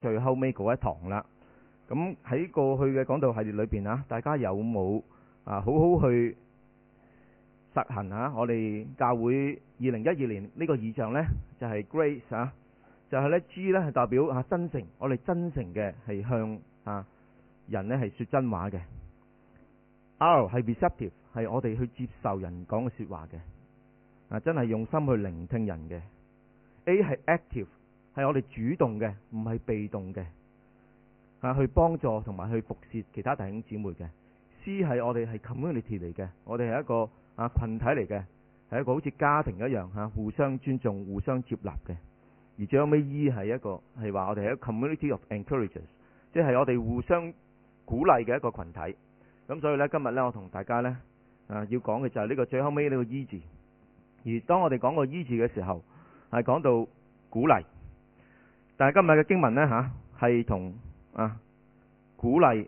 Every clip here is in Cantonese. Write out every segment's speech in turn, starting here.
最後尾嗰一堂啦，咁喺過去嘅講道系列裏邊啊，大家有冇啊好好去實行啊、就是？我哋教會二零一二年呢個異象咧，就係 Grace 啊，就係咧 G 咧係代表啊真誠，我哋真誠嘅係向啊人咧係說真話嘅，R 係 Receptive 係我哋去接受人講嘅說話嘅啊，真係用心去聆聽人嘅，A 係 Active。係我哋主動嘅，唔係被動嘅。嚇、啊，去幫助同埋去服侍其他弟兄姊妹嘅。C 係我哋係 community 嚟嘅，我哋係一個啊群體嚟嘅，係一個好似家庭一樣嚇、啊，互相尊重、互相接納嘅。而最後尾 E 係一個係話我哋係一個 community of encourages，即係我哋互相鼓勵嘅一個群體。咁所以呢，今日呢，我同大家呢，啊要講嘅就係呢個最後尾呢個 E 字。而當我哋講個 E 字嘅時候，係講到鼓勵。但係今日嘅經文呢，吓，啊，係同啊鼓勵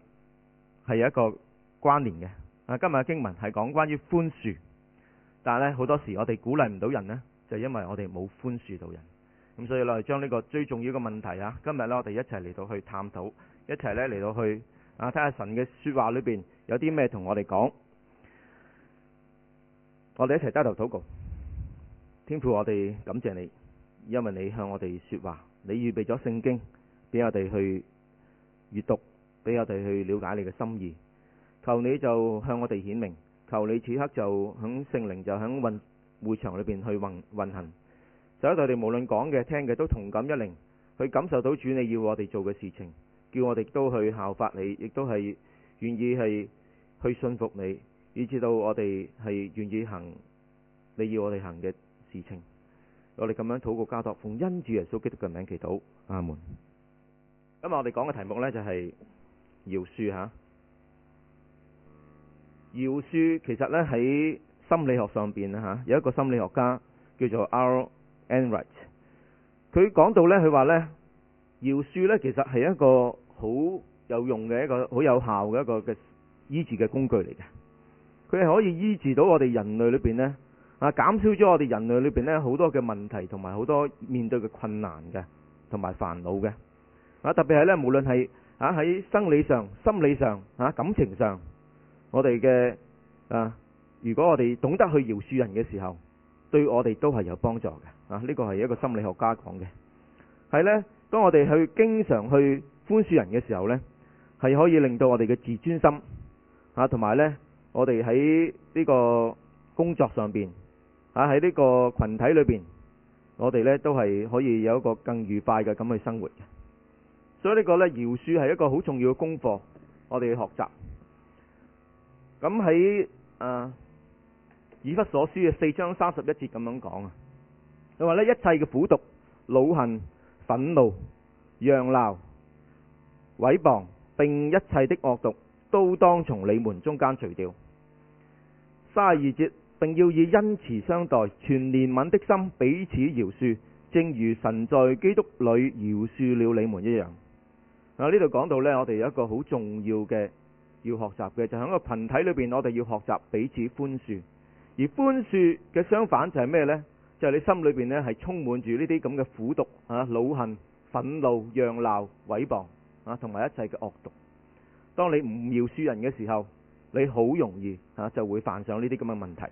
係有一個關聯嘅。啊，今日嘅經文係講關於寬恕，但係咧好多時我哋鼓勵唔到人呢，就因為我哋冇寬恕到人。咁所以我哋將呢個最重要嘅問題啊，今日呢，我哋一齊嚟到去探討，一齊呢嚟到去啊睇下神嘅說話裏邊有啲咩同我哋講。我哋一齊低頭禱告，天父，我哋感謝你，因為你向我哋說話。你預備咗聖經俾我哋去閱讀，俾我哋去了解你嘅心意。求你就向我哋顯明，求你此刻就響聖靈就響會場裏邊去運運行，使到我哋無論講嘅聽嘅都同感一靈，去感受到主你要我哋做嘅事情，叫我哋都去效法你，亦都係願意係去信服你，以至到我哋係願意行你要我哋行嘅事情。我哋咁樣禱告交託，奉恩主耶穌基督嘅名祈禱，阿門們。今日我哋講嘅題目呢，就係饒恕嚇。饒恕其實呢，喺心理學上邊嚇有一個心理學家叫做 Al Enright，佢講到呢，佢話呢，《饒恕呢，其實係一個好有用嘅一個好有效嘅一個嘅醫治嘅工具嚟嘅。佢係可以醫治到我哋人類裏邊呢。啊，減少咗我哋人類裏邊咧好多嘅問題，同埋好多面對嘅困難嘅，同埋煩惱嘅。啊，特別係咧，無論係啊喺生理上、心理上、啊感情上，我哋嘅啊，如果我哋懂得去饒恕人嘅時候，對我哋都係有幫助嘅。啊，呢個係一個心理學家講嘅。係呢。當我哋去經常去寬恕人嘅時候呢，係可以令到我哋嘅自尊心啊，同埋呢我哋喺呢個工作上邊。啊！喺呢個群體裏邊，我哋呢都係可以有一個更愉快嘅咁去生活嘅。所以個呢個咧，饒恕係一個好重要嘅功課，我哋要學習。咁喺啊以弗所書嘅四章三十一節咁樣講啊，佢話咧，一切嘅苦毒、惱恨、憤怒、嚷鬧、毀謗，並一切的惡毒，都當從你們中間除掉。三十二節。並要以恩慈相待，全憐憫的心彼此饒恕，正如神在基督裏饒恕了你們一樣。啊，呢度講到呢，我哋有一個好重要嘅要學習嘅，就響、是、個群體裏邊，我哋要學習彼此寬恕。而寬恕嘅相反就係咩咧？就係、是、你心裏邊咧係充滿住呢啲咁嘅苦毒啊、惱恨、憤怒、讓鬧、毀謗啊，同埋一切嘅惡毒。當你唔饒恕人嘅時候，你好容易啊就會犯上呢啲咁嘅問題。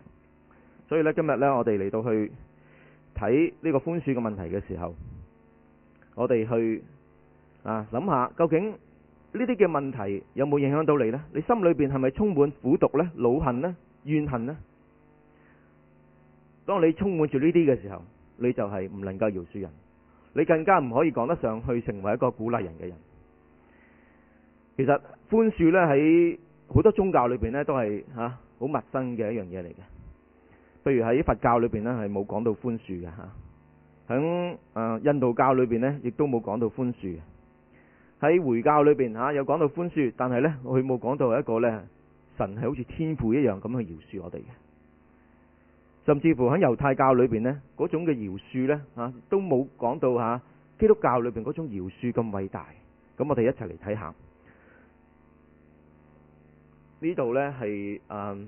所以咧，今日咧，我哋嚟到去睇呢個寬恕嘅問題嘅時候，我哋去啊諗下，究竟呢啲嘅問題有冇影響到你呢？你心裏邊係咪充滿苦毒咧、惱恨咧、怨恨呢？當你充滿住呢啲嘅時候，你就係唔能夠饒恕人，你更加唔可以講得上去成為一個鼓勵人嘅人。其實寬恕呢，喺好多宗教裏邊咧，都係吓好陌生嘅一樣嘢嚟嘅。譬如喺佛教裏邊咧，係冇講到寬恕嘅吓；喺印度教裏邊呢，亦都冇講到寬恕，喺回教裏邊吓，有講到寬恕，但係呢，佢冇講到一個咧，神係好似天父一樣咁去饒恕我哋嘅。甚至乎喺猶太教裏邊呢，嗰種嘅饒恕呢，吓，都冇講到吓基督教裏邊嗰種饒恕咁偉大。咁我哋一齊嚟睇下呢度呢，係、uh,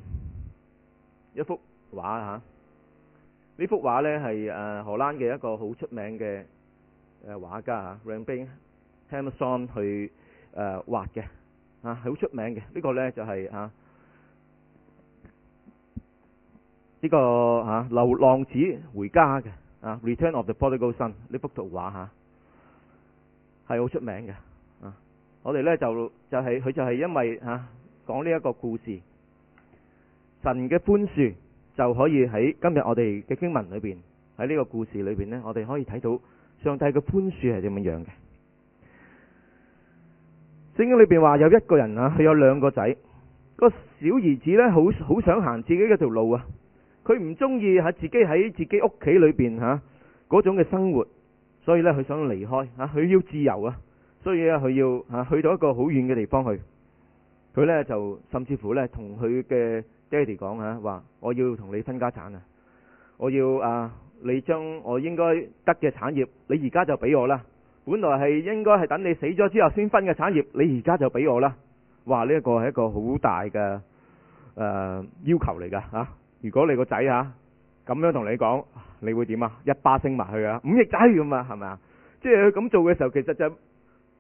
一幅。畫吓、啊、呢幅畫呢係誒荷蘭嘅一個好出名嘅誒畫家吓 r、啊、a m b i n d t Hamson e r 去誒畫嘅吓，好、呃、出、啊、名嘅。呢、這個呢就係吓呢個吓流浪子回家嘅啊，Return of the Prodigal Son 呢幅圖畫吓係好出名嘅、啊。我哋呢就就係、是、佢就係因為吓講呢一個故事神嘅寬恕。就可以喺今日我哋嘅經文裏邊，喺呢個故事裏邊呢，我哋可以睇到上帝嘅寬恕係點樣樣嘅。聖經裏邊話有一個人啊，佢有兩個仔，個小兒子呢，好好想行自己嘅條路啊，佢唔中意喺自己喺自己屋企裏邊吓嗰種嘅生活，所以呢，佢想離開啊，佢要自由啊，所以咧佢要吓去到一個好遠嘅地方去，佢呢，就甚至乎呢，同佢嘅。爹哋講啊，話我要同你分家產啊！我要啊、呃，你將我應該得嘅產業，你而家就俾我啦。本來係應該係等你死咗之後先分嘅產業，你而家就俾我啦。話呢、這個、一個係一個好大嘅誒、呃、要求嚟噶吓。如果你個仔吓咁樣同你講，你會點啊？一巴升埋去啊，五億仔咁啊，係咪啊？即係佢咁做嘅時候，其實就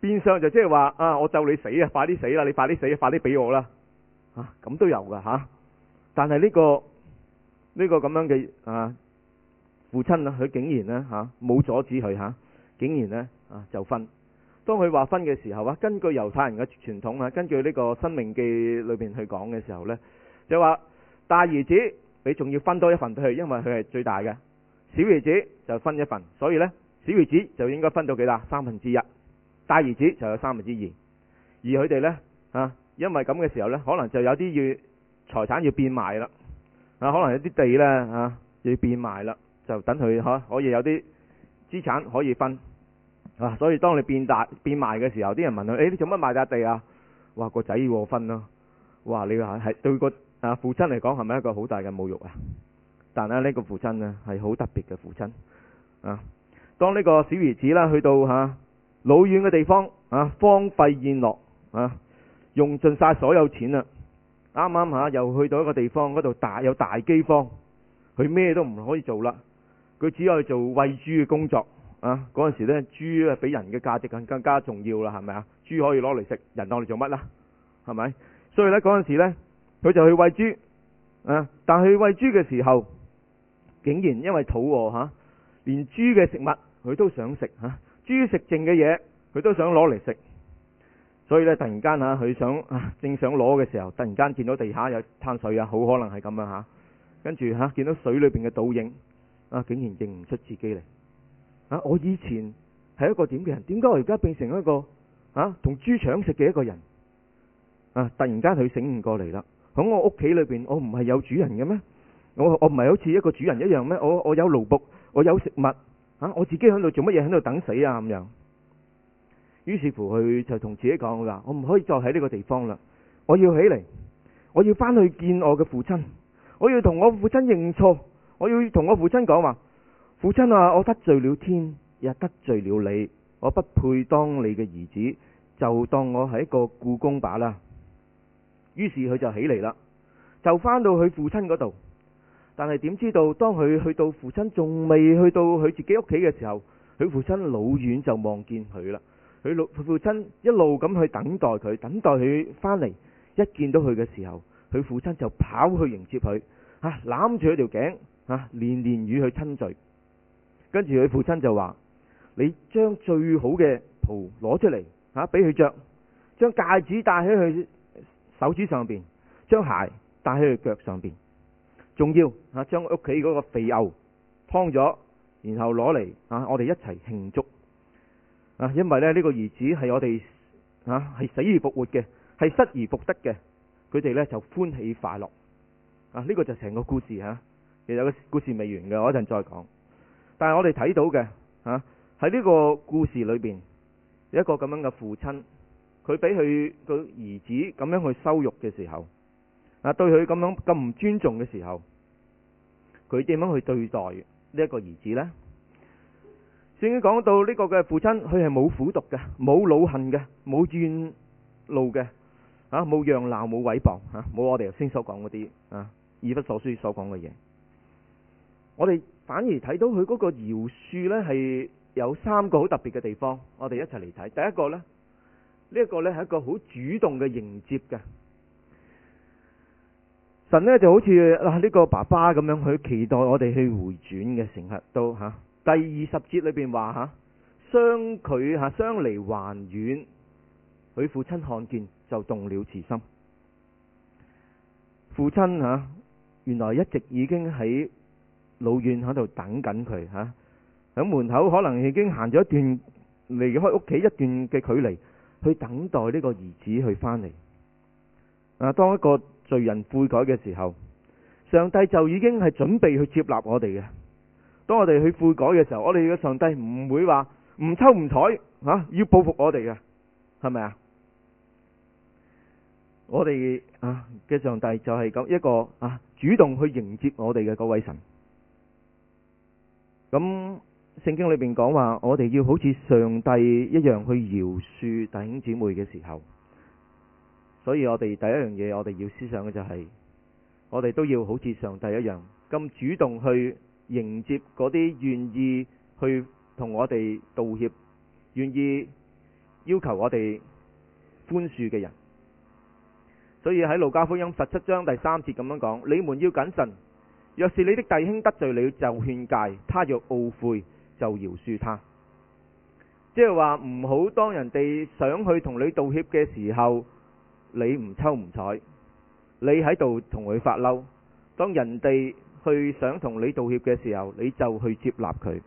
變相就即係話啊，我咒你死啊，快啲死啦，你快啲死，快啲俾我啦。啊，咁都有噶吓。啊但係呢，這個呢，這個咁樣嘅啊父親啦，佢竟然呢，嚇、啊、冇阻止佢嚇、啊，竟然呢，啊就分。當佢話分嘅時候啊，根據猶太人嘅傳統啊，根據呢個《新命記》裏邊去講嘅時候呢，就話大兒子你仲要分多一份俾佢，因為佢係最大嘅。小兒子就分一份，所以呢，小兒子就應該分到幾大三分之一，大兒子就有三分之二。而佢哋呢，啊，因為咁嘅時候呢，可能就有啲要。財產要變賣啦，啊，可能有啲地呢嚇、啊、要變賣啦，就等佢嚇可以有啲資產可以分，啊，所以當你變大變賣嘅時候，啲人問佢：誒、欸，你做乜賣笪地啊？哇，個仔要我分咯、啊，哇，你話係對個啊父親嚟講係咪一個好大嘅侮辱啊？但係呢個父親呢係好特別嘅父親，啊，當呢個小兒子啦去到嚇、啊、老遠嘅地方，啊，荒廢宴落，啊，用盡晒所有錢啦。啱啱嚇，又去到一個地方，嗰度大有大饑荒，佢咩都唔可以做啦，佢只可以做餵豬嘅工作。啊，嗰陣時咧，豬比人嘅價值更更加重要啦，係咪啊？豬可以攞嚟食，人攞嚟做乜啦？係咪？所以呢，嗰陣時咧，佢就去餵豬。啊！但係餵豬嘅時候，竟然因為肚餓嚇、啊，連豬嘅食物佢都想食嚇、啊，豬食剩嘅嘢佢都想攞嚟食。所以咧，突然間嚇佢、啊、想啊，正想攞嘅時候，突然間見到地下有灘水啊，好可能係咁樣嚇。跟住嚇見到水裏邊嘅倒影啊，竟然認唔出自己嚟啊！我以前係一個點嘅人，點、啊、解我而家變成一個嚇、啊、同豬搶食嘅一個人啊？突然間佢醒悟過嚟啦，喺我屋企裏邊，我唔係有主人嘅咩？我我唔係好似一個主人一樣咩？我我有奴僕，我有食物啊！我自己喺度做乜嘢？喺度等死啊咁樣。啊啊於是乎，佢就同自己講：話我唔可以再喺呢個地方啦！我要起嚟，我要返去見我嘅父親，我要同我父親認錯，我要同我父親講話：父親啊，我得罪了天，也得罪了你，我不配當你嘅兒子，就當我係一個僱工吧啦。於是佢就起嚟啦，就返到佢父親嗰度。但係點知道，當佢去到父親仲未去到佢自己屋企嘅時候，佢父親老遠就望見佢啦。佢老父親一路咁去等待佢，等待佢返嚟。一見到佢嘅時候，佢父親就跑去迎接佢，啊攬住佢條頸，啊連連與佢親嘴。跟住佢父親就話：你將最好嘅袍攞出嚟，啊俾佢着；將戒指戴喺佢手指上邊，將鞋戴喺佢腳上邊。仲要啊，將屋企嗰個肥牛劏咗，然後攞嚟啊，我哋一齊慶祝。啊，因為咧，呢個兒子係我哋啊係死而復活嘅，係失而復得嘅，佢哋呢就歡喜快樂。啊，呢、這個就成個故事吓、啊。其實個故事未完嘅，我一陣再講。但係我哋睇到嘅啊喺呢個故事裏邊，有一個咁樣嘅父親，佢俾佢個兒子咁樣去羞辱嘅時候，啊對佢咁樣咁唔尊重嘅時候，佢點樣去對待呢一個兒子呢？正如講到呢個嘅父親，佢係冇苦毒嘅，冇惱恨嘅，冇怨怒嘅，啊，冇揚鬧，冇毀謗，吓，冇我哋頭先所講嗰啲啊，以弗所書所講嘅嘢。我哋反而睇到佢嗰個饒恕呢係有三個好特別嘅地方。我哋一齊嚟睇，第一個呢，這個、呢一個呢係一個好主動嘅迎接嘅。神呢就好似啊呢個爸爸咁樣去期待我哋去回轉嘅時刻都吓。啊第二十節裏邊話吓，相距吓，相離還遠，佢父親看見就動了慈心。父親吓、啊，原來一直已經喺老遠喺度等緊佢吓，喺、啊、門口可能已經行咗一段，離開屋企一段嘅距離，去等待呢個兒子去返嚟。啊，當一個罪人悔改嘅時候，上帝就已經係準備去接納我哋嘅。當我哋去悔改嘅時候，我哋嘅上帝唔會話唔抽唔睬，吓、啊，要報復我哋嘅係咪啊？我哋啊嘅上帝就係一個啊主動去迎接我哋嘅嗰位神。咁聖經裏面講話，我哋要好似上帝一樣去饒恕弟兄姊妹嘅時候，所以我哋第一樣嘢，我哋要思想嘅就係、是、我哋都要好似上帝一樣咁主動去。迎接嗰啲願意去同我哋道歉，願意要求我哋寬恕嘅人。所以喺路加福音十七章第三節咁樣講：「你們要謹慎，若是你的弟兄得罪了，你就勸戒他；若懊悔，就饒恕他。即係話唔好當人哋想去同你道歉嘅時候，你唔抽唔睬，你喺度同佢發嬲。當人哋去想同你道歉嘅時候，你就去接納佢，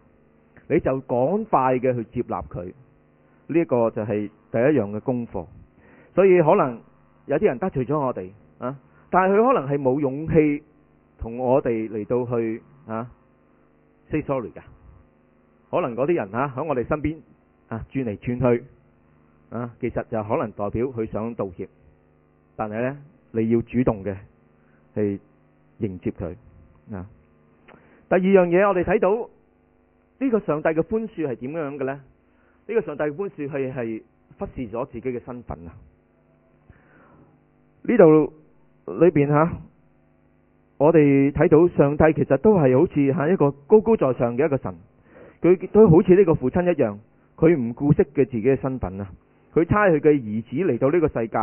你就趕快嘅去接納佢。呢個就係第一樣嘅功課，所以可能有啲人得罪咗我哋啊，但係佢可能係冇勇氣同我哋嚟到去啊 say sorry 噶，可能嗰啲人哈喺我哋身邊啊轉嚟轉去啊，其實就可能代表佢想道歉，但係咧你要主動嘅去迎接佢。啊！第二樣嘢，我哋睇到呢、這個上帝嘅寬恕係點樣嘅呢？呢、這個上帝嘅寬恕係係忽視咗自己嘅身份啊！呢度裏邊吓，我哋睇到上帝其實都係好似吓一個高高在上嘅一個神，佢都好似呢個父親一樣，佢唔顧惜嘅自己嘅身份啊！佢差佢嘅兒子嚟到呢個世界，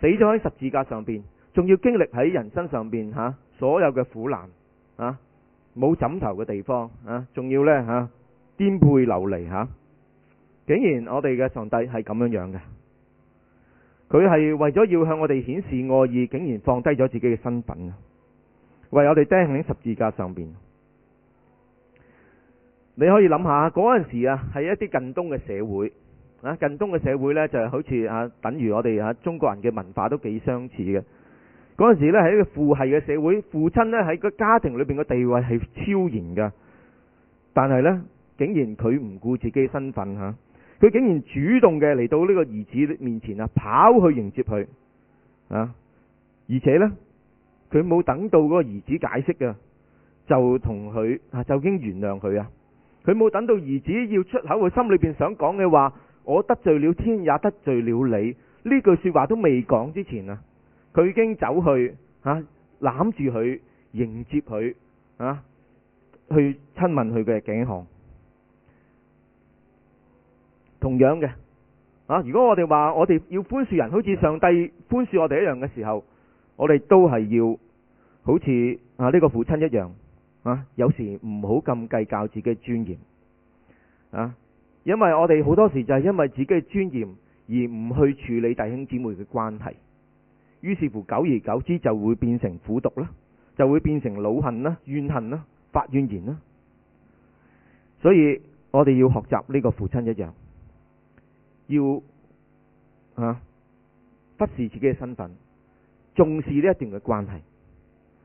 死咗喺十字架上邊，仲要經歷喺人生上邊吓、啊、所有嘅苦難。啊！冇枕頭嘅地方啊，仲要呢，吓顛沛流離吓、啊，竟然我哋嘅上帝係咁樣樣嘅，佢係為咗要向我哋顯示愛意，竟然放低咗自己嘅身份，啊、為我哋釘喺十字架上邊。你可以諗下嗰陣時啊，係一啲近東嘅社會啊，近東嘅社會呢，就係好似啊，等於我哋啊中國人嘅文化都幾相似嘅。嗰陣時呢，喺一個父系嘅社會，父親呢，喺個家庭裏邊嘅地位係超然噶。但係呢，竟然佢唔顧自己身份吓，佢、啊、竟然主動嘅嚟到呢個兒子面前啊，跑去迎接佢啊！而且呢，佢冇等到嗰個兒子解釋啊，就同佢啊就已經原諒佢啊！佢冇等到兒子要出口，佢心裏邊想講嘅話，我得罪了天也，也得罪了你，呢句說話都未講之前啊！佢已經走去啊，攬住佢迎接佢啊，去親吻佢嘅頸項。同樣嘅啊，如果我哋話我哋要寬恕人，好似上帝寬恕我哋一樣嘅時候，我哋都係要好似啊呢個父親一樣啊，有時唔好咁計較自己嘅尊嚴啊，因為我哋好多時就係因為自己嘅尊嚴而唔去處理弟兄姊妹嘅關係。於是乎，久而久之就會變成苦毒啦，就會變成老恨啦、怨恨啦、發怨言啦。所以，我哋要學習呢個父親一樣，要啊忽視自己嘅身份，重視呢一段嘅關係。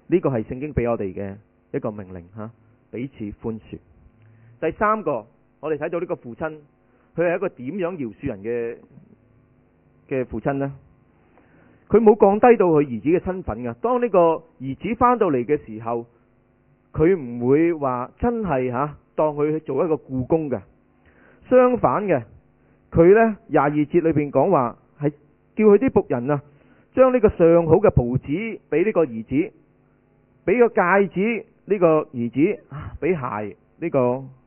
呢、這個係聖經俾我哋嘅一個命令吓、啊，彼此寬恕。第三個，我哋睇到呢個父親，佢係一個點樣饒恕人嘅嘅父親呢？佢冇降低到佢兒子嘅身份噶。當呢個兒子返到嚟嘅時候，佢唔會話真係嚇、啊、當佢做一個僱工嘅。相反嘅，佢呢廿二節裏邊講話係叫佢啲僕人啊，將呢個上好嘅袍子俾呢個兒子，俾個戒指呢、這個兒子，俾、啊、鞋呢個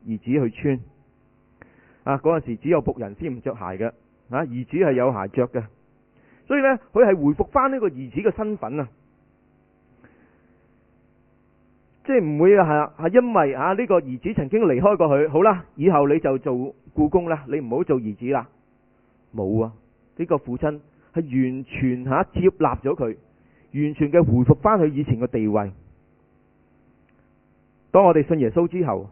兒子去穿。啊，嗰陣時只有僕人先唔着鞋嘅，啊，兒子係有鞋着嘅。所以呢，佢係回復翻呢個兒子嘅身份啊，即係唔會係係因為吓呢個兒子曾經離開過佢，好啦，以後你就做僱工啦，你唔好做兒子啦。冇啊，呢、這個父親係完全吓接納咗佢，完全嘅回復翻佢以前嘅地位。當我哋信耶穌之後，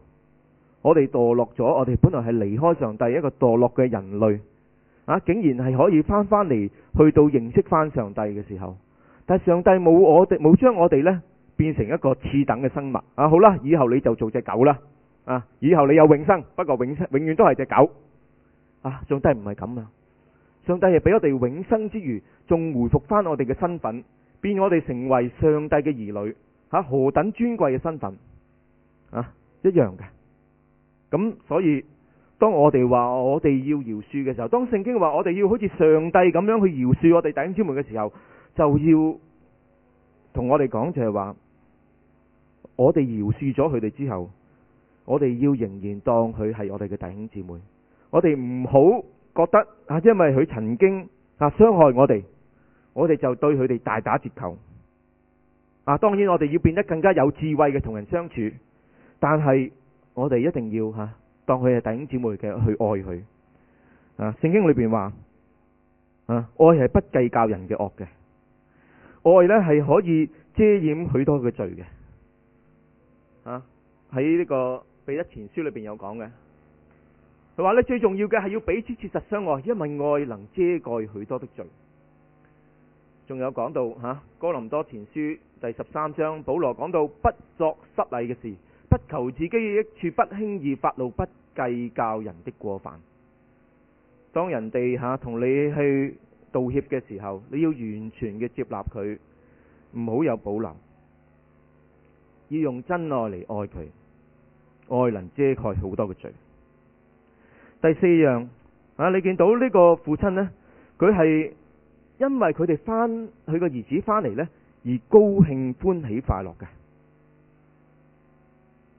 我哋墮落咗，我哋本來係離開上帝一個墮落嘅人類。啊！竟然係可以翻返嚟，去到認識翻上帝嘅時候，但上帝冇我哋冇將我哋呢變成一個次等嘅生物啊！好啦，以後你就做隻狗啦，啊！以後你有永生，不過永生永遠都係隻狗，啊！上帝唔係咁啊！上帝係俾我哋永生之餘，仲回復翻我哋嘅身份，變我哋成為上帝嘅兒女，吓、啊、何等尊貴嘅身份啊！一樣嘅，咁所以。當我哋話我哋要饒恕嘅時候，當聖經話我哋要好似上帝咁樣去饒恕我哋弟兄姊妹嘅時候，就要同我哋講就係話，我哋饒恕咗佢哋之後，我哋要仍然當佢係我哋嘅弟兄姊妹，我哋唔好覺得啊，因為佢曾經啊傷害我哋，我哋就對佢哋大打折扣。啊，當然我哋要變得更加有智慧嘅同人相處，但係我哋一定要吓。當佢係弟兄姊妹嘅，去愛佢。啊，聖經裏邊話，啊，愛係不計較人嘅惡嘅，愛呢係可以遮掩許多嘅罪嘅。啊，喺呢個彼得前書裏邊有講嘅，佢話呢，最重要嘅係要彼此切實相愛，因為愛能遮蓋許多的罪。仲有講到吓、啊、哥林多前書第十三章，保羅講到不作失禮嘅事。不求自己一處，不輕易發怒，不計較人的過犯，當人哋吓同你去道歉嘅時候，你要完全嘅接納佢，唔好有保留，要用真愛嚟愛佢，愛能遮蓋好多嘅罪。第四樣啊，你見到呢個父親呢，佢係因為佢哋返，佢個兒子返嚟呢，而高興歡喜快樂嘅。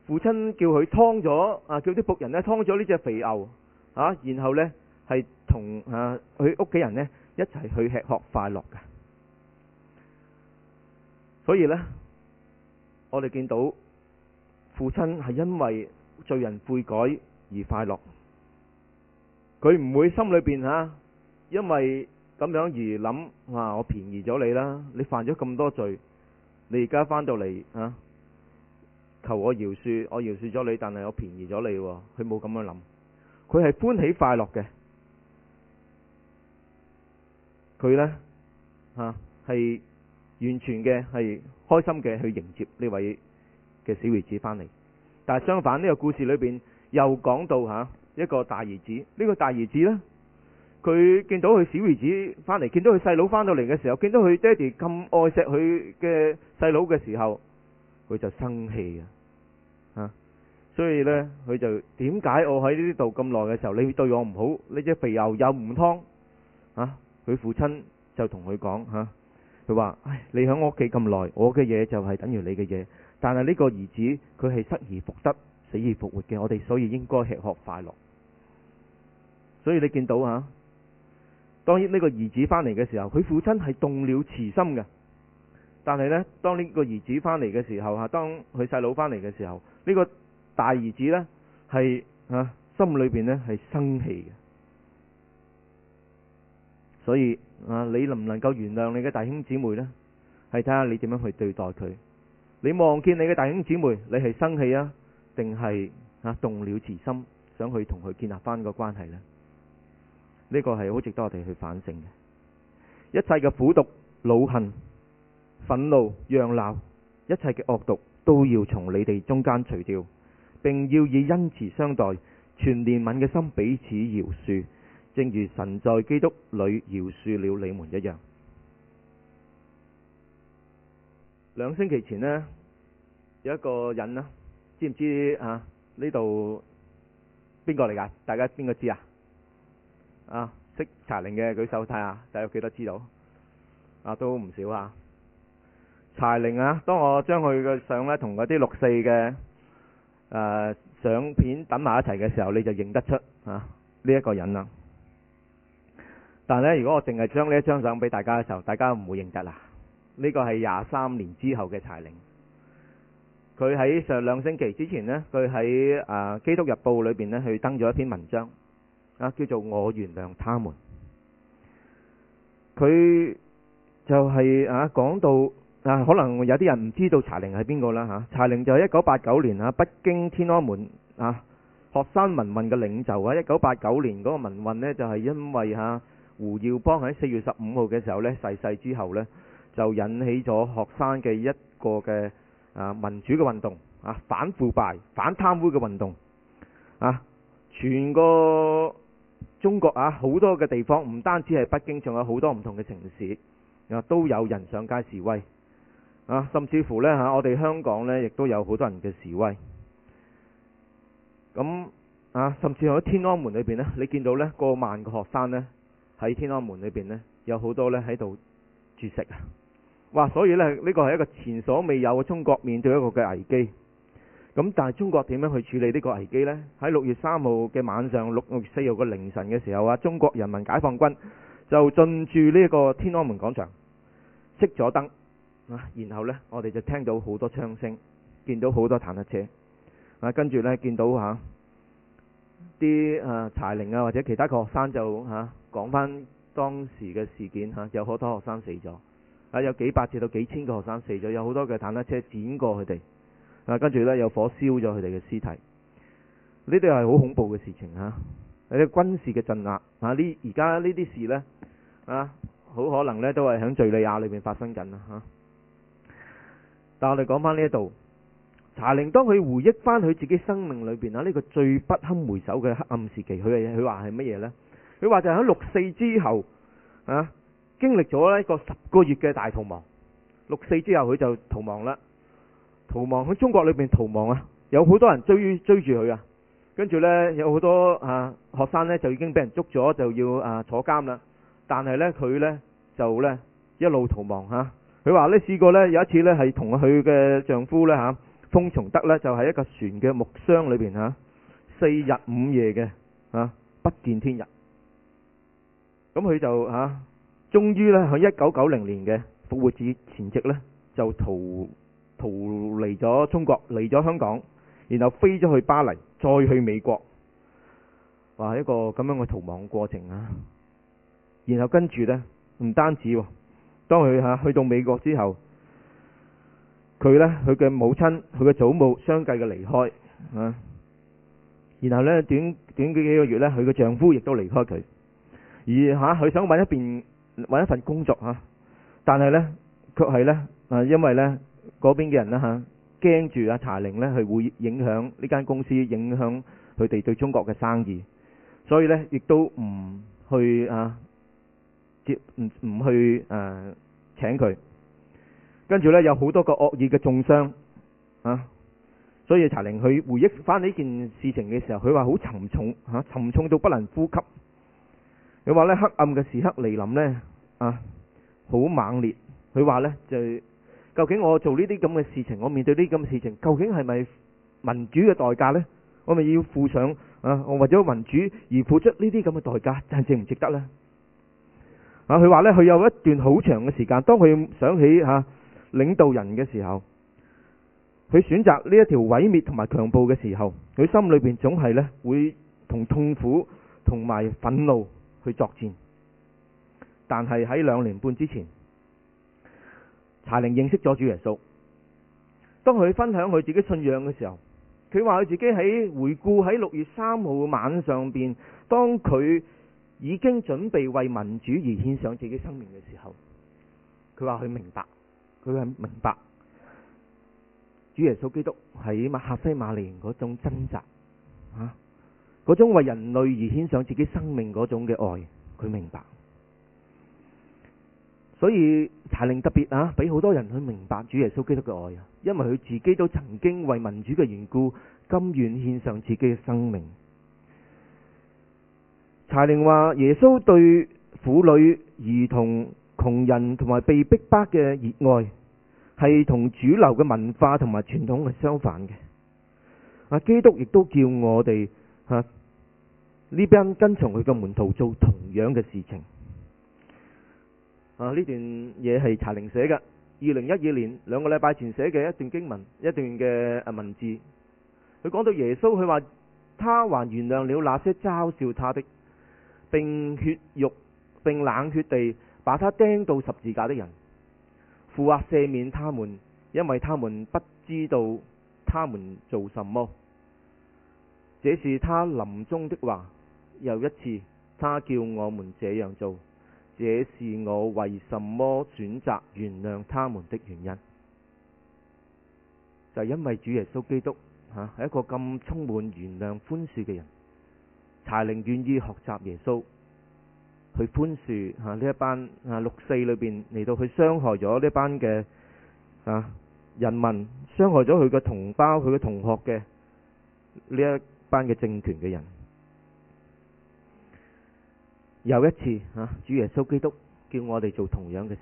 父親叫佢劏咗啊，叫啲僕人咧劏咗呢隻肥牛啊，然後呢係同啊佢屋企人咧一齊去吃喝快樂噶。所以呢，我哋見到父親係因為罪人悔改而快樂，佢唔會心裏邊吓、啊、因為咁樣而諗哇、啊，我便宜咗你啦，你犯咗咁多罪，你而家返到嚟啊？求我饒恕，我饒恕咗你，但係我便宜咗你。佢冇咁樣諗，佢係歡喜快樂嘅。佢呢吓係、啊、完全嘅係開心嘅去迎接呢位嘅小兒子返嚟。但係相反呢、這個故事裏邊又講到吓、啊、一個大兒子，呢、這個大兒子呢，佢見到佢小兒子返嚟，見到佢細佬返到嚟嘅時候，見到佢爹哋咁愛錫佢嘅細佬嘅時候，佢就生氣啊！所以呢，佢就點解我喺呢度咁耐嘅時候，你對我唔好？你隻肥牛又唔劏。佢父親就同佢講嚇，佢、啊、話：唉，你喺我屋企咁耐，我嘅嘢就係等於你嘅嘢。但係呢個兒子佢係失而復得、死而復活嘅。我哋所以應該吃喝快樂。所以你見到嚇、啊，當然呢個兒子返嚟嘅時候，佢父親係動了慈心嘅。但係呢，當呢個兒子返嚟嘅時候嚇，當佢細佬返嚟嘅時候，呢、啊呢個。大兒子呢，係啊，心裏邊呢，係生氣嘅，所以啊，你能唔能夠原諒你嘅弟兄姊妹呢？係睇下你點樣去對待佢。你望見你嘅弟兄姊妹，你係生氣啊，定係啊動了慈心，想去同佢建立翻個關係呢？呢、這個係好值得我哋去反省嘅。一切嘅苦毒、惱恨、憤怒、讓鬧，一切嘅惡毒，都要從你哋中間除掉。並要以恩慈相待，全憐憫嘅心彼此饒恕，正如神在基督裡饒恕了你們一樣。兩星期前呢，有一個人啊，知唔知啊？呢度邊個嚟噶？大家邊個知啊？啊，識柴玲嘅舉手睇下，啊，大約幾多知道啊，都唔少啊。柴玲啊，當我將佢嘅相咧同嗰啲六四嘅。誒、啊、相片等埋一齊嘅時候，你就認得出啊呢一個人啦。但係咧，如果我淨係將呢一張相俾大家嘅時候，大家唔會認得啦。呢、這個係廿三年之後嘅柴玲。佢喺上兩星期之前呢，佢喺啊《基督日報》裏面裏邊呢去登咗一篇文章啊，叫做《我原諒他們》。佢就係、是、啊講到。啊，可能有啲人唔知道柴玲係邊個啦嚇。柴玲就係一九八九年啊，北京天安門啊學生民運嘅領袖啊。一九八九年嗰個民運呢，就係、係、因為嚇、啊、胡耀邦喺四月十五號嘅時候呢逝世之後呢，就引起咗學生嘅一個嘅、啊、民主嘅運動啊，反腐敗、反貪污嘅運動啊，全個中國啊好多嘅地方，唔單止係北京，仲有好多唔同嘅城市啊都有人上街示威。啊，甚至乎呢，嚇、啊，我哋香港呢亦都有好多人嘅示威。咁啊，啊，甚至喺天安門裏邊呢，你見到呢過萬個學生呢喺天安門裏邊呢，有好多呢喺度絕食啊！哇，所以呢，呢個係一個前所未有嘅中國面對一個嘅危機。咁、啊、但係中國點樣去處理呢個危機呢？喺六月三號嘅晚上，六月四號嘅凌晨嘅時候啊，中國人民解放軍就進駐呢個天安門廣場，熄咗燈。然後呢，我哋就聽到好多槍聲，見到好多坦克車。啊，跟住呢，見到嚇啲誒柴玲啊，或者其他個學生就嚇講翻當時嘅事件嚇、啊，有好多學生死咗，啊，有幾百至到幾千個學生死咗，有好多嘅坦克車碾過佢哋。啊，跟住呢，有火燒咗佢哋嘅屍體。呢啲係好恐怖嘅事情嚇，係啲軍事嘅鎮壓。啊，呢而家呢啲事呢，啊好可能呢都係喺敍利亞裏面發生緊啊嚇。但我哋講返呢一度，柴玲當佢回憶翻佢自己生命裏邊啊呢個最不堪回首嘅黑暗時期，佢佢話係乜嘢呢？佢話就喺六四之後啊，經歷咗呢個十個月嘅大逃亡。六四之後佢就逃亡啦，逃亡喺中國裏邊逃亡啊，有好多人追追住佢啊，跟住呢，有好多啊學生呢，就已經俾人捉咗就要啊坐監啦，但係呢，佢呢，就呢一路逃亡啊。佢話呢試過呢，有一次呢係同佢嘅丈夫呢，嚇、啊，封崇德呢，就喺一個船嘅木箱裏邊嚇，四日五夜嘅嚇、啊，不見天日。咁佢就嚇，終、啊、於呢，喺一九九零年嘅復活節前夕呢，就逃逃離咗中國，嚟咗香港，然後飛咗去巴黎，再去美國，話一個咁樣嘅逃亡過程啊。然後跟住呢，唔單止。當佢吓去到美國之後，佢咧佢嘅母親、佢嘅祖母相繼嘅離開啊，然後咧短短幾幾個月咧，佢嘅丈夫亦都離開佢，而吓佢想揾一邊揾一份工作吓，但係咧卻係咧啊，因為咧嗰邊嘅人咧吓驚住阿查玲咧係會影響呢間公司，影響佢哋對中國嘅生意，所以咧亦都唔去啊。唔唔去誒、呃，請佢，跟住呢有好多個惡意嘅重傷啊，所以柴玲去回憶翻呢件事情嘅時候，佢話好沉重吓、啊，沉重到不能呼吸。佢話呢黑暗嘅時刻嚟臨呢，啊，好猛烈。佢話呢，就究竟我做呢啲咁嘅事情，我面對呢啲咁嘅事情，究竟係咪民主嘅代價呢？我咪要付上啊？我為咗民主而付出呢啲咁嘅代價，就係、值唔值得呢？啊！佢話呢，佢有一段好長嘅時間，當佢想起吓、啊、領導人嘅時候，佢選擇呢一條毀滅同埋強暴嘅時候，佢心裏邊總係咧會同痛苦同埋憤怒去作戰。但係喺兩年半之前，柴玲認識咗主耶穌。當佢分享佢自己信仰嘅時候，佢話佢自己喺回顧喺六月三號晚上邊，當佢。已經準備為民主而獻上自己生命嘅時候，佢話佢明白，佢係明白主耶穌基督喺客西馬尼嗰種掙扎嗰，啊，種為人類而獻上自己生命嗰種嘅愛，佢明白。所以柴玲特別啊，俾好多人去明白主耶穌基督嘅愛啊，因為佢自己都曾經為民主嘅緣故甘願獻上自己嘅生命。柴玲話：耶穌對婦女、兒童、窮人同埋被逼迫嘅熱愛，係同主流嘅文化同埋傳統係相反嘅。啊，基督亦都叫我哋啊呢邊跟從佢嘅門徒做同樣嘅事情。啊，呢段嘢係柴玲寫嘅，二零一二年兩個禮拜前寫嘅一段經文，一段嘅文字。佢講到耶穌，佢話他還原諒了那些嘲笑他的，並血肉並冷血地把他釘到十字架的人。父啊，赦免他們，因為他們不知道他們做什麼。這是他臨終的話，又一次他叫我們這樣做。這是我為什麼選擇原諒他們的原因，就是，因為主耶穌基督吓係、啊、一個咁充滿原諒寬恕嘅人。柴玲願意學習耶穌去寬恕吓呢一班啊，六四裏邊嚟到去傷害咗呢班嘅啊人民，傷害咗佢嘅同胞、佢嘅同學嘅呢一班嘅政權嘅人。又一次吓、啊、主耶穌基督叫我哋做同樣嘅事，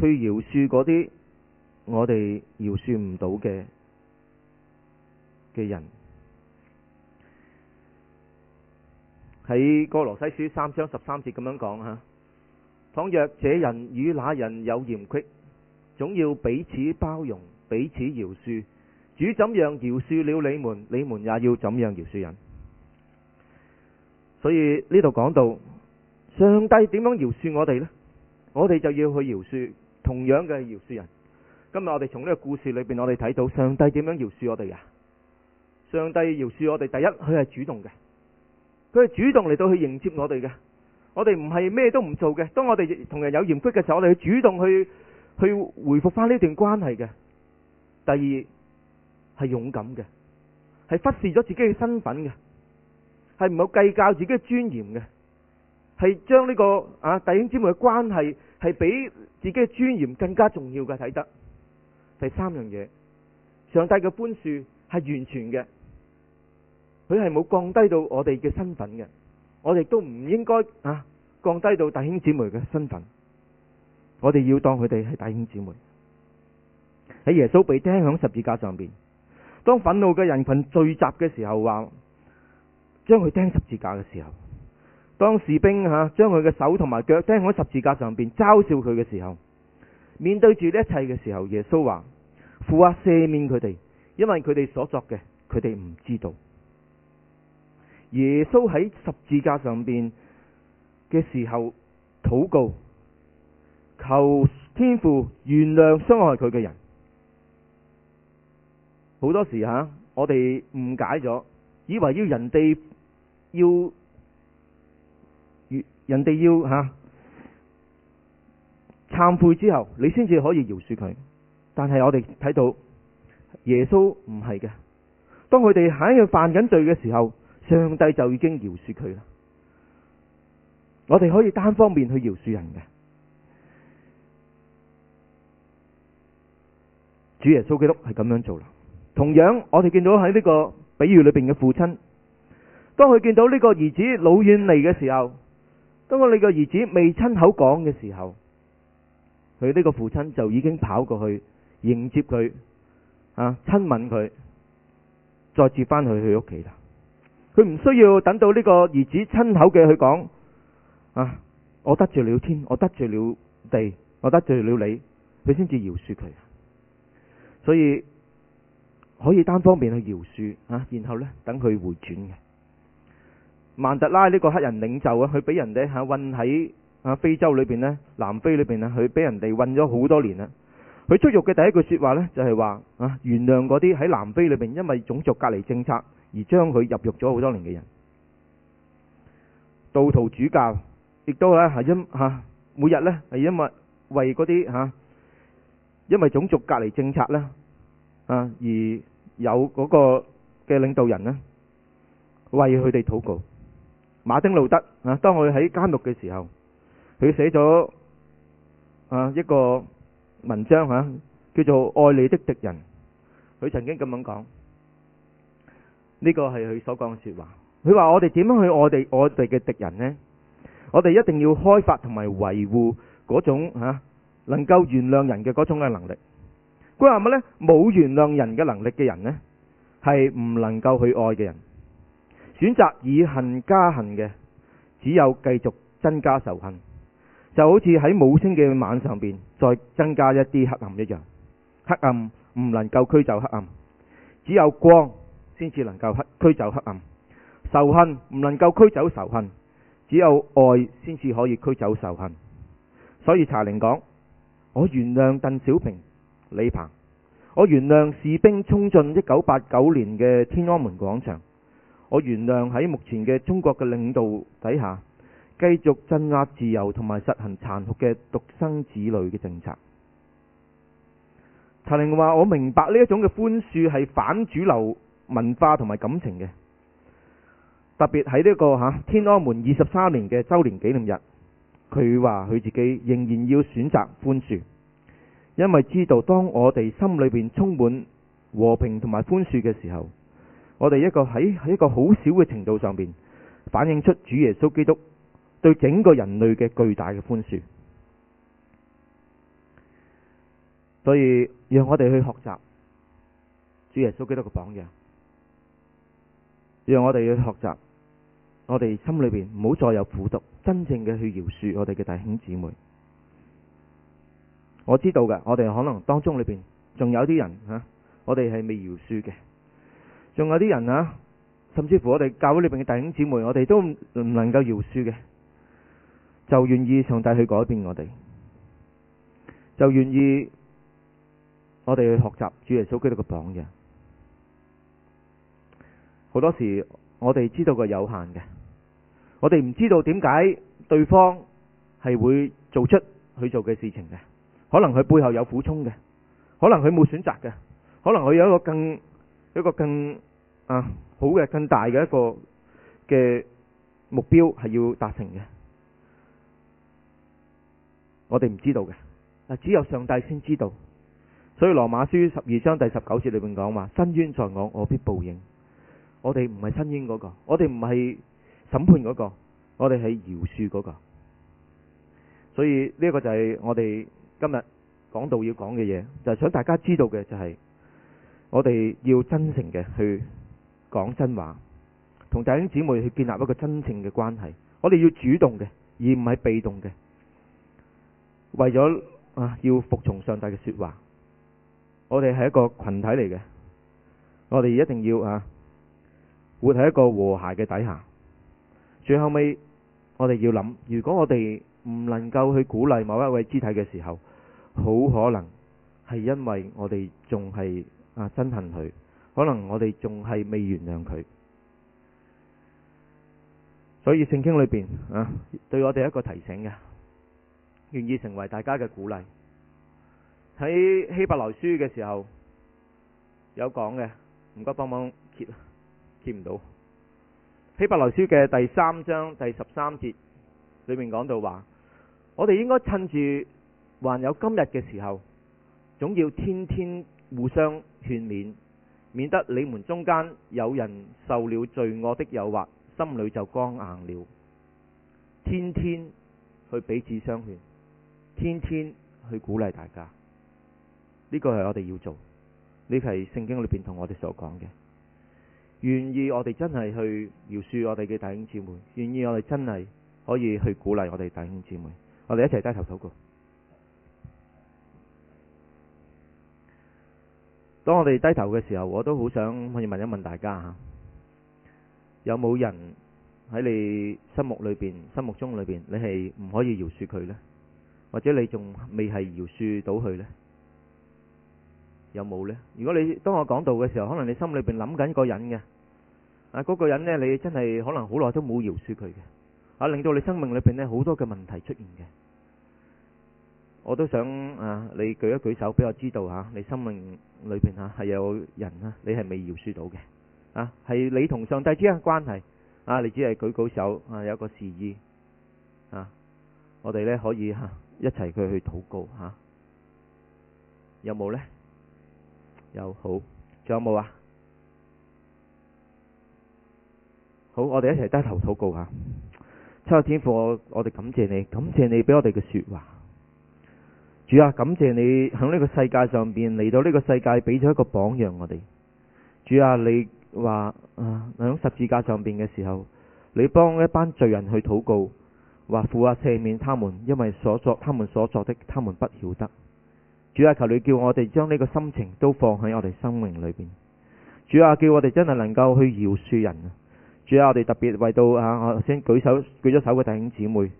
去饒恕啲我哋饒恕唔到嘅嘅人。喺哥羅西書三章十三節咁樣講吓，倘若這人與那人有嫌隙，總要彼此包容，彼此饒恕。主怎樣饒恕了你們，你們也要怎樣饒恕人。所以呢度講到上帝點樣饒恕我哋呢？我哋就要去饒恕同樣嘅饒恕人。今日我哋從呢個故事裏邊，我哋睇到上帝點樣饒恕我哋呀？上帝饒恕我哋，第一佢係主動嘅。佢係主動嚟到去迎接我哋嘅，我哋唔係咩都唔做嘅。當我哋同人有嫌隙嘅時候，我哋去主動去去回復翻呢段關係嘅。第二係勇敢嘅，係忽視咗自己嘅身份嘅，係唔好計較自己嘅尊嚴嘅，係將呢個啊弟兄姊妹嘅關係係比自己嘅尊嚴更加重要嘅睇得。第三樣嘢，上帝嘅寬恕係完全嘅。佢係冇降低到我哋嘅身份嘅，我哋都唔應該啊降低到弟兄姊妹嘅身份。我哋要當佢哋係弟兄姊妹。喺耶穌被釘喺十字架上邊，當憤怒嘅人群聚集嘅時候，話將佢釘十字架嘅時候，當士兵吓、啊、將佢嘅手同埋腳釘喺十字架上邊嘲笑佢嘅時候，面對住呢一切嘅時候，耶穌話，父啊，赦免佢哋，因為佢哋所作嘅，佢哋唔知道。耶穌喺十字架上邊嘅時候禱告，求天父原諒傷害佢嘅人。好多時吓、啊，我哋誤解咗，以為要人哋要人哋要吓啊，懺悔之後，你先至可以饒恕佢。但係我哋睇到耶穌唔係嘅，當佢哋喺度犯緊罪嘅時候。上帝就已經饒恕佢啦。我哋可以單方面去饒恕人嘅。主耶穌基督係咁樣做啦。同樣，我哋見到喺呢個比喻裏邊嘅父親，當佢見到呢個兒子老遠嚟嘅時候，當我哋個兒子未親口講嘅時候，佢呢個父親就已經跑過去迎接佢，啊，親吻佢，再接返去佢屋企啦。佢唔需要等到呢個兒子親口嘅去講啊！我得罪了天，我得罪了地，我得罪了你，佢先至饒恕佢。所以可以單方面去饒恕啊，然後呢，等佢回轉嘅。曼德拉呢個黑人領袖啊，佢俾人哋嚇困喺啊非洲裏邊呢，南非裏邊啊，佢俾人哋困咗好多年啦。佢出獄嘅第一句説話呢，就係話啊，原諒嗰啲喺南非裏邊，因為種族隔離政策而將佢入獄咗好多年嘅人。道徒主教亦都呢，係因為啊每日呢，係因為為嗰啲啊因為種族隔離政策呢啊而有嗰個嘅領導人呢，為佢哋禱告。馬丁路德啊，當佢喺監獄嘅時候，佢寫咗啊一個。文章嚇叫做愛你的敵人，佢曾經咁樣講，呢個係佢所講嘅說話。佢話，我哋點樣去愛我哋我哋嘅敵人呢？我哋一定要開發同埋維護嗰種嚇、啊、能夠原諒人嘅嗰種嘅能力。佢話乜呢？冇原諒人嘅能力嘅人呢，係唔能夠去愛嘅人。選擇以恨加恨嘅，只有繼續增加仇恨。就好似喺冇星嘅晚上邊，再增加一啲黑暗一樣，黑暗唔能夠驅走黑暗，只有光先至能夠驅走黑暗。仇恨唔能夠驅走仇恨，只有愛先至可以驅走仇恨。所以柴玲講，我原諒鄧小平、李鵬，我原諒士兵衝進一九八九年嘅天安門廣場，我原諒喺目前嘅中國嘅領導底下繼續鎮壓自由同埋實行殘酷嘅獨生子女嘅政策。陳玲話：我明白呢一種嘅寬恕係反主流文化同埋感情嘅，特別喺呢一個吓天安門二十三年嘅周年紀念日，佢話佢自己仍然要選擇寬恕，因為知道當我哋心裏邊充滿和平同埋寬恕嘅時候，我哋一個喺喺一個好少嘅程度上邊反映出主耶穌基督。對整個人類嘅巨大嘅寬恕，所以讓我哋去學習主耶穌基督嘅榜樣，讓我哋去學習，我哋心裏邊唔好再有苦毒，真正嘅去饒恕我哋嘅弟兄姊妹。我知道嘅，我哋可能當中裏邊仲有啲人吓、啊，我哋係未饒恕嘅，仲有啲人吓、啊，甚至乎我哋教會裏邊嘅弟兄姊妹，我哋都唔能夠饒恕嘅。就願意上帝去改變我哋，就願意我哋去學習主耶穌基督嘅榜樣。好多時我哋知道佢有限嘅，我哋唔知道點解對方係會做出佢做嘅事情嘅。可能佢背後有苦衷嘅，可能佢冇選擇嘅，可能佢有一個更一個更啊好嘅，更大嘅一個嘅目標係要達成嘅。我哋唔知道嘅，只有上帝先知道。所以羅馬書十二章第十九節裏面講話：伸冤在我，我必報應。我哋唔係伸冤嗰個，我哋唔係審判嗰個，我哋係饒恕嗰個。所以呢一個就係我哋今日講道要講嘅嘢，就係想大家知道嘅就係，我哋要真誠嘅去講真話，同弟兄姊妹去建立一個真誠嘅關係。我哋要主動嘅，而唔係被動嘅。為咗啊，要服從上帝嘅說話，我哋係一個群體嚟嘅，我哋一定要啊，活喺一個和諧嘅底下。最後尾，我哋要諗，如果我哋唔能夠去鼓勵某一位肢體嘅時候，好可能係因為我哋仲係啊憎恨佢，可能我哋仲係未原諒佢。所以聖經裏邊啊，對我哋一個提醒嘅。願意成為大家嘅鼓勵。喺希伯來書嘅時候有講嘅，唔該幫忙揭，揭揭唔到。希伯來書嘅第三章第十三節裏面講到話：我哋應該趁住還有今日嘅時候，總要天天互相勸勉，免得你們中間有人受了罪惡的誘惑，心裏就剛硬了。天天去彼此相勸。天天去鼓勵大家，呢個係我哋要做，呢係聖經裏邊同我哋所講嘅。願意我哋真係去饒恕我哋嘅弟兄姊妹，願意我哋真係可以去鼓勵我哋弟兄姊妹。我哋一齊低頭禱告。當我哋低頭嘅時候，我都好想可以問一問大家吓，有冇人喺你心目裏邊、心目中裏邊，你係唔可以饒恕佢呢？」或者你仲未係饒恕到佢呢？有冇呢？如果你當我講道嘅時候，可能你心裏邊諗緊個人嘅啊，嗰、那個人呢，你真係可能好耐都冇饒恕佢嘅啊，令到你生命裏邊咧好多嘅問題出現嘅。我都想啊，你舉一舉手俾我知道吓、啊，你生命裏邊吓係有人啦，你係未饒恕到嘅啊，係你同上帝之間關係啊，你只係舉舉手啊，有一個示意啊，我哋呢可以吓。啊一齊佢去禱告吓、啊，有冇呢？有好，仲有冇啊？好，我哋一齊低頭禱告吓。七日天父，我我哋感謝你，感謝你俾我哋嘅說話。主啊，感謝你喺呢個世界上邊，嚟到呢個世界，俾咗一個榜樣我哋。主啊，你話啊喺十字架上邊嘅時候，你幫一班罪人去禱告。話，父啊，赦免他們，因為所作他們所作的，他們不曉得。主啊，求你叫我哋將呢個心情都放喺我哋生命裏邊。主啊，叫我哋真係能夠去饒恕人。主啊，我哋特別為到啊，我先舉手舉咗手嘅弟兄姊妹。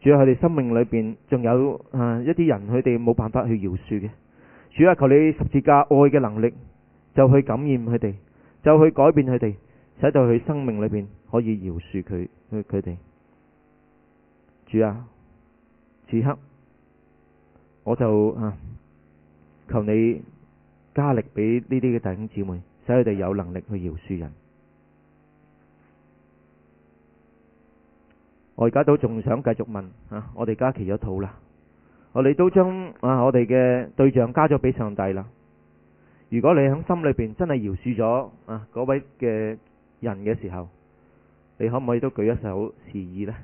主啊，佢哋生命裏邊仲有一啲人，佢哋冇辦法去饒恕嘅。主啊，求你十字架愛嘅能力，就去感染佢哋，就去改變佢哋，使到佢生命裏邊可以饒恕佢佢佢哋。主啊，此刻我就啊求你加力俾呢啲嘅弟兄姊妹，使佢哋有能力去饒恕人。我而家都仲想繼續問啊，我哋而家祈咗禱啦，我哋都將啊我哋嘅對象加咗俾上帝啦。如果你喺心裏邊真係饒恕咗啊嗰位嘅人嘅時候，你可唔可以都舉一手示意呢？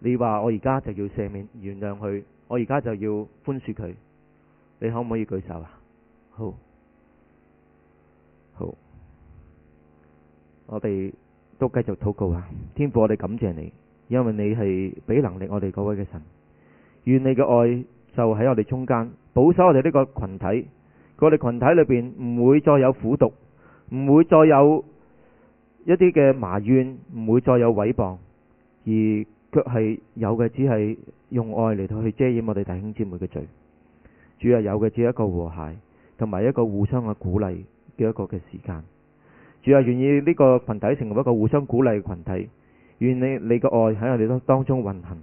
你話我而家就要赦免、原諒佢，我而家就要寬恕佢。你可唔可以舉手啊？好，好，我哋都繼續禱告啊！天父，我哋感謝你，因為你係俾能力我哋嗰位嘅神，願你嘅愛就喺我哋中間，保守我哋呢個群體，我哋群體裏邊唔會再有苦毒，唔會再有一啲嘅埋怨，唔會再有毀謗而。卻係有嘅，只係用愛嚟到去遮掩我哋弟兄姊妹嘅罪。主要係有嘅，只係一個和諧同埋一個互相嘅鼓勵嘅一個嘅時間。主要係願意呢個群體成為一個互相鼓勵嘅群體，願你你嘅愛喺我哋當中運行，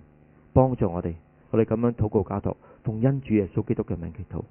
幫助我哋。我哋咁樣禱告，家族，奉恩主耶穌基督嘅名祈禱。